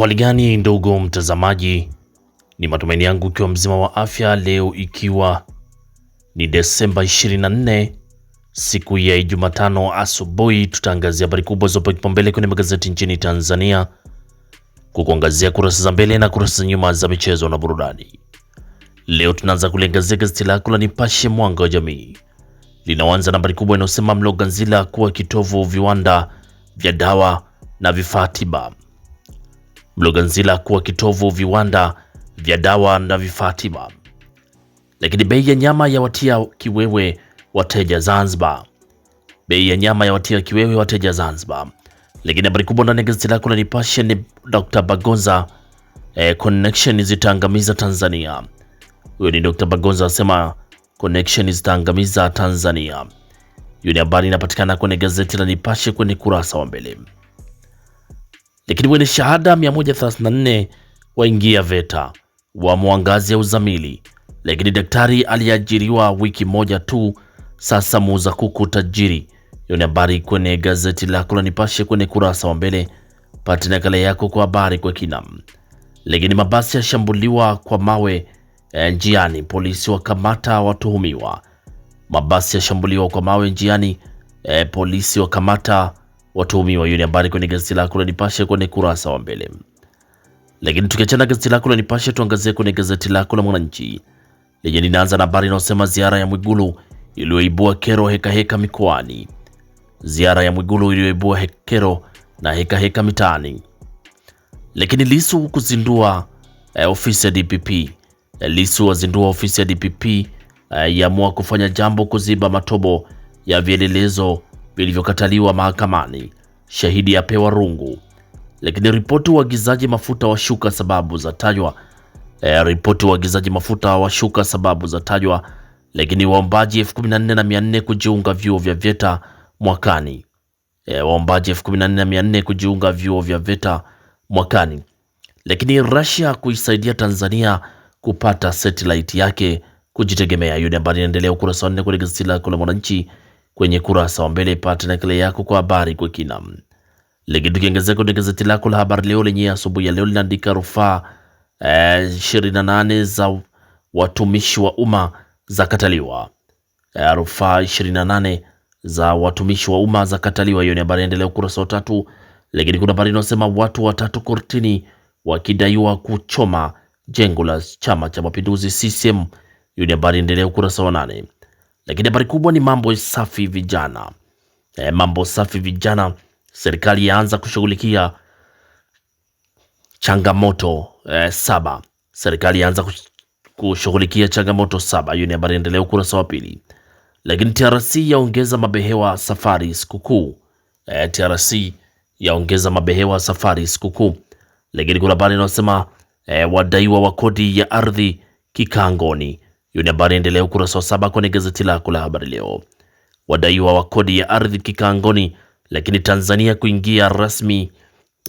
Hali gani ndugu mtazamaji, ni matumaini yangu ukiwa mzima wa afya leo, ikiwa ni Desemba 24 siku ya Jumatano asubuhi, tutaangazia habari kubwa zopewa kipaumbele kwenye magazeti nchini Tanzania, kukuangazia kurasa za mbele na kurasa za nyuma za michezo na burudani. Leo tunaanza kuliangazia gazeti lako la Nipashe Mwanga wa Jamii, linaanza na habari kubwa inayosema Mloganzila kuwa kitovu viwanda vya dawa na vifaa tiba Mloganzila kuwa kitovu viwanda vya dawa na vifaa tiba. Lakini bei ya nyama ya watia kiwewe wateja Zanzibar. Bei ya nyama ya watia kiwewe wateja Zanzibar. Lakini habari kubwa ndani ya gazeti lako la Nipashe ni Dr. Bagonza eh, connection zitaangamiza Tanzania. Huyo ni Dr. Bagonza asema connection zitaangamiza Tanzania. Hiyo ni habari inapatikana kwenye gazeti la Nipashe kwenye kurasa wa mbele lakini wenye shahada 134 waingia VETA wa mwangazi ya uzamili, lakini daktari aliyeajiriwa wiki moja tu sasa muuza kuku tajiri. Hiyo ni habari kwenye gazeti lako la Nipashe kwenye kurasa wa mbele, pata nakala yako kwa habari kwa kina. Lakini mabasi yashambuliwa kwa mawe eh, njiani, polisi wakamata watuhumiwa. Mabasi yashambuliwa kwa mawe njiani, e, polisi wakamata watuhumiwa. Hiyo ni habari kwenye gazeti lako la Nipashe kwenye kurasa wa mbele. Lakini tukiachana gazeti lako la Nipashe, tuangazie kwenye gazeti lako la Mwananchi lenye linaanza na habari inayosema ziara ya Mwigulu iliyoibua kero hekaheka mikoani. Ziara ya Mwigulu iliyoibua kero na hekaheka mitaani. Lakini Lisu kuzindua eh, ofisi ya DPP. Lisu wazindua ofisi ya DPP eh, yaamua kufanya jambo kuziba matobo ya vielelezo vilivyokataliwa mahakamani, shahidi apewa rungu. Lakini ripoti uagizaji mafuta washuka, sababu za tajwa. E, ripoti uagizaji mafuta washuka, sababu za tajwa. Lakini waombaji 14400 kujiunga vyuo vya VETA mwakani. E, waombaji 14400 kujiunga vyuo vya VETA mwakani. Lakini Russia kuisaidia Tanzania kupata satellite yake kujitegemea. Yule ambaye inaendelea ukurasa wa nne kule gazeti lako la Mwananchi kwenye kurasa wa mbele, pata nakala yako kwa habari kwa kina. Lakini tukiongezea kwenye gazeti lako la habari leo lenye asubuhi ya leo linaandika rufaa eh, 28 za watumishi wa umma za kataliwa. Eh, rufaa 28 za watumishi wa umma za kataliwa. Hiyo ni habari endelea ukurasa wa tatu. Lakini kuna habari inasema watu watatu kortini wakidaiwa kuchoma jengo la Chama cha Mapinduzi CCM. Hiyo ni habari endelea ukurasa wa nane. Lakini habari kubwa ni mambo safi vijana. E, mambo safi vijana, serikali yaanza kushughulikia changamoto e, saba. Serikali yaanza kushughulikia changamoto saba. Hiyo ni habari endelea ukurasa wa pili. Lakini TRC yaongeza mabehewa safari sikukuu. E, eh, TRC yaongeza mabehewa safari sikukuu. Lakini kuna habari inayosema e, wadaiwa wa kodi ya ardhi kikangoni. Hiyo ni habari endelea ukurasa wa saba kwenye gazeti lako la habari leo. Wadaiwa wa kodi ya ardhi kikangoni, lakini Tanzania kuingia rasmi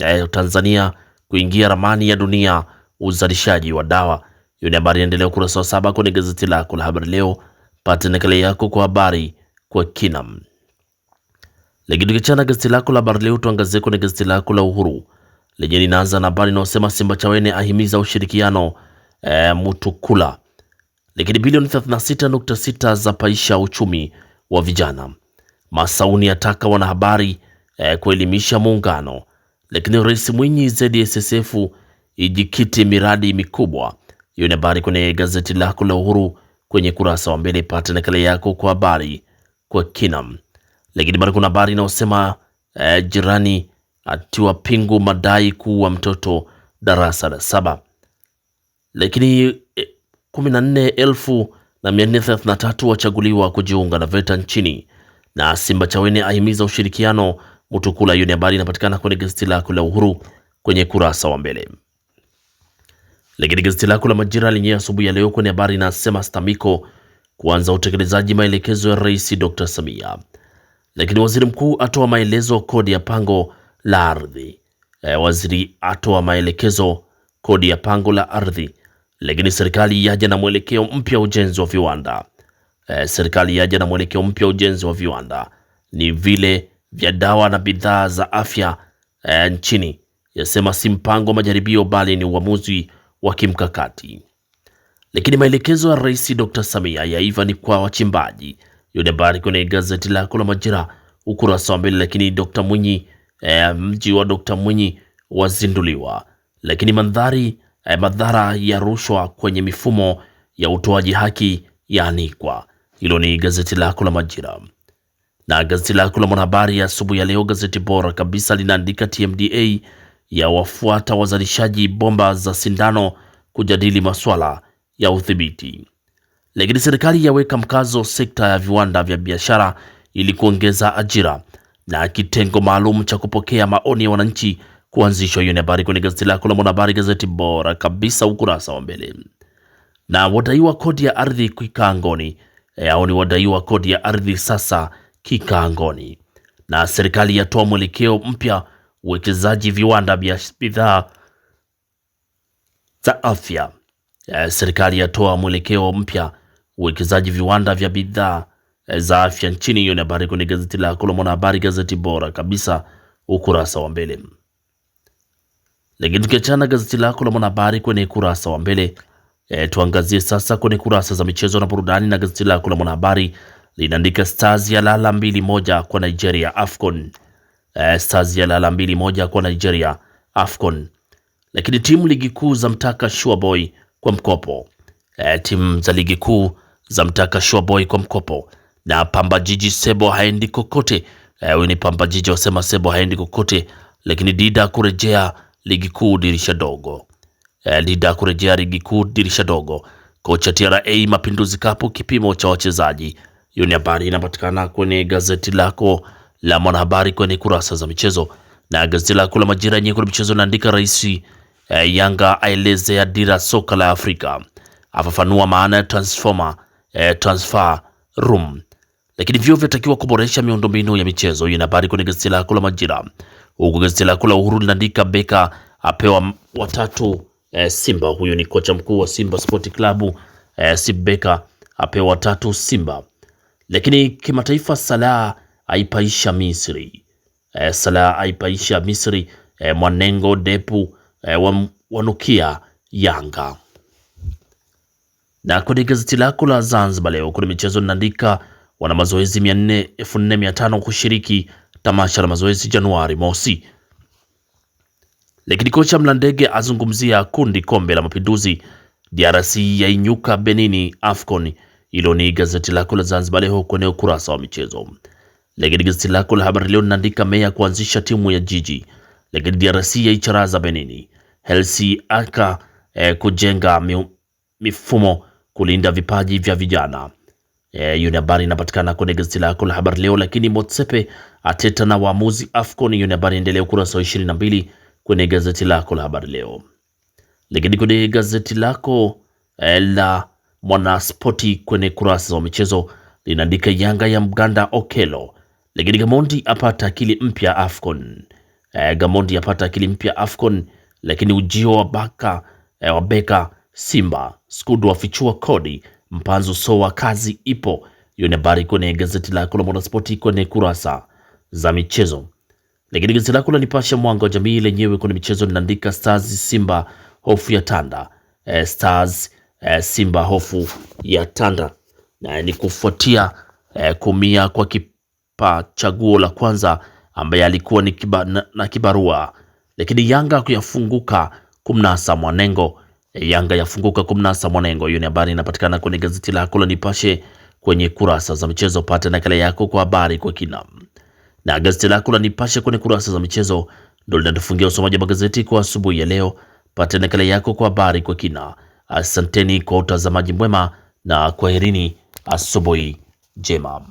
eh, Tanzania kuingia ramani ya dunia uzalishaji wa dawa. Hiyo ni habari endelea ukurasa wa saba kwenye gazeti lako la habari leo. Pata nakala yako kwa habari kwa kinam. Lakini tukichana gazeti lako la habari leo, tuangazie kwenye gazeti lako la Uhuru lenye linaanza na habari inayosema Simba Chawene ahimiza ushirikiano eh, Mutukula lakini bilioni 36.6 za paisha uchumi wa vijana. Masauni ataka wanahabari eh, kuelimisha muungano, lakini Rais Mwinyi ZSSF ijikite miradi mikubwa. Hiyo ni habari kwenye gazeti lako la Uhuru kwenye kurasa wa mbele, pata nakala yako kwa habari kwa kina. Lakini bado kuna habari inayosema eh, jirani atiwa pingu madai kuwa mtoto darasa la saba. Lakini 14,433 wachaguliwa kujiunga na VETA nchini. Na Simba Chawene ahimiza ushirikiano Mutukula. Hiyo ni habari inapatikana kwenye gazeti lako la Uhuru kwenye kurasa wa mbele. Lakini gazeti lako la Majira lenyewe asubuhi ya leo kwenye habari inasema STAMIKO kuanza utekelezaji maelekezo ya Rais Dr. Samia. Lakini waziri mkuu atoa maelezo kodi ya pango la ardhi. E, waziri atoa maelekezo kodi ya pango la ardhi. Lakini serikali yaja na mwelekeo mpya ujenzi wa viwanda e, serikali yaja na mwelekeo mpya ujenzi wa viwanda ni vile vya dawa na bidhaa za afya e, nchini yasema si mpango wa majaribio bali ni uamuzi wa kimkakati. Lakini maelekezo ya Rais Dr. Samia yaiva ni kwa wachimbaji. Hiyo ni kwenye gazeti lako la Majira ukurasa wa mbili. Lakini Dr. Mwinyi e, mji wa Dr. Mwinyi wazinduliwa, lakini mandhari eh, madhara ya rushwa kwenye mifumo ya utoaji haki yaanikwa. Hilo ni gazeti lako la Majira na gazeti lako la Mwanahabari asubuhi ya, ya leo. Gazeti bora kabisa linaandika TMDA ya wafuata wazalishaji bomba za sindano kujadili masuala ya udhibiti, lakini serikali yaweka mkazo sekta ya viwanda vya biashara ili kuongeza ajira, na kitengo maalum cha kupokea maoni ya wananchi kuanzishwa. Hiyo ni habari kwenye gazeti lako la Mwanahabari, gazeti bora kabisa, ukurasa wa mbele. Na wadaiwa kodi ya ardhi kikaangoni e, eh, au ni wadaiwa kodi ya ardhi sasa kikaangoni. Na eh, serikali yatoa mwelekeo mpya uwekezaji viwanda vya bidhaa za afya. E, serikali yatoa mwelekeo mpya uwekezaji viwanda vya bidhaa za afya nchini. Hiyo ni habari kwenye gazeti lako la Mwanahabari, gazeti bora kabisa, ukurasa wa mbele. Lakini tukiachana gazeti lako la Mwanahabari kwenye kurasa wa mbele e, tuangazie sasa kwenye kurasa za michezo na burudani, na gazeti lako la Mwanahabari linaandika Stars ya lala mbili moja kwa Nigeria Afcon. E, Stars ya lala mbili moja kwa Nigeria Afcon. Lakini timu ligi kuu za mtaka Sure Boy kwa mkopo. E, timu za ligi kuu za mtaka Sure Boy kwa mkopo. Na Pamba Jiji Sebo haendi kokote. E, huyu e, ni Pamba Jiji wasema Sebo haendi kokote, lakini Dida kurejea ligi kuu dirisha dogo. Eh, Lida kurejea ligi kuu dirisha dogo. Kocha TRA Mapinduzi kapu kipimo cha wachezaji. Hiyo ni habari inapatikana kwenye gazeti lako la Mwanahabari kwenye kurasa za michezo, na gazeti lako la Majira yenyewe kwenye michezo naandika rais eh, Yanga aelezea dira soka la Afrika, afafanua maana ya transformer eh, transfer room, lakini vyo vyatakiwa kuboresha miundombinu ya michezo. Hiyo ni habari kwenye gazeti lako la Majira huku gazeti lako la Uhuru linaandika Beka apewa watatu e, Simba. Huyu ni kocha mkuu wa Simba Sport Club e, Sib Beka apewa watatu Simba. Lakini kimataifa, Salah aipaisha Misri e, Salah aipaisha Misri e, Mwanengo Depu e, wanukia Yanga. Na kwenye gazeti lako la Zanzibar leo kuna michezo linaandika wana mazoezi elfu nne mia tano kushiriki tamasha la mazoezi Januari mosi. Lakini kocha Mlandege azungumzia kundi kombe la mapinduzi, DRC yainyuka Benini AFCON. Hilo ni gazeti lako la Zanzibar Leo kwenye ukurasa wa michezo. Lakini gazeti lako la Habari Leo linaandika meya kuanzisha timu ya jiji, lakini DRC yaicharaza Benini, Helsi aka eh, kujenga mifumo kulinda vipaji vya vijana Yeah, hiyo ni habari inapatikana kwenye gazeti lako la habari leo. Lakini Motsepe ateta na waamuzi AFCON, hiyo ni habari endelea ukurasa wa 22 kwenye gazeti lako la habari leo. Lakini kwenye gazeti lako eh, la Mwanaspoti kwenye kurasa za michezo linaandika Yanga ya Mganda Okelo, lakini Gamondi apata akili mpya AFCON. E, Gamondi apata akili mpya AFCON, lakini ujio wa baka e, wa beka Simba skudu wafichua kodi mpanzo sowa kazi ipo. Hiyo ni habari kwenye gazeti lako la Mwanaspoti kwenye kurasa za michezo. Lakini gazeti lako la Nipashe mwanga wa jamii lenyewe kwenye michezo linaandika Stars Simba hofu ya tanda. E, Stars e, Simba hofu ya tanda na ni kufuatia e, eh, kumia kwa kipa chaguo la kwanza ambaye alikuwa ni kiba, na, na kibarua. Lakini Yanga kuyafunguka kumnasa Mwanengo Yanga yafunguka kumnasa Mwanengo. Hiyo ni habari inapatikana kwenye gazeti lako la Nipashe kwenye kurasa za michezo. Pata nakala yako kwa habari kwa kina, na gazeti lako la Nipashe kwenye kurasa za michezo ndio linatufungia usomaji wa magazeti kwa asubuhi ya leo. Pata nakala yako kwa habari kwa kina. Asanteni kwa utazamaji mwema na kwaherini, asubuhi njema.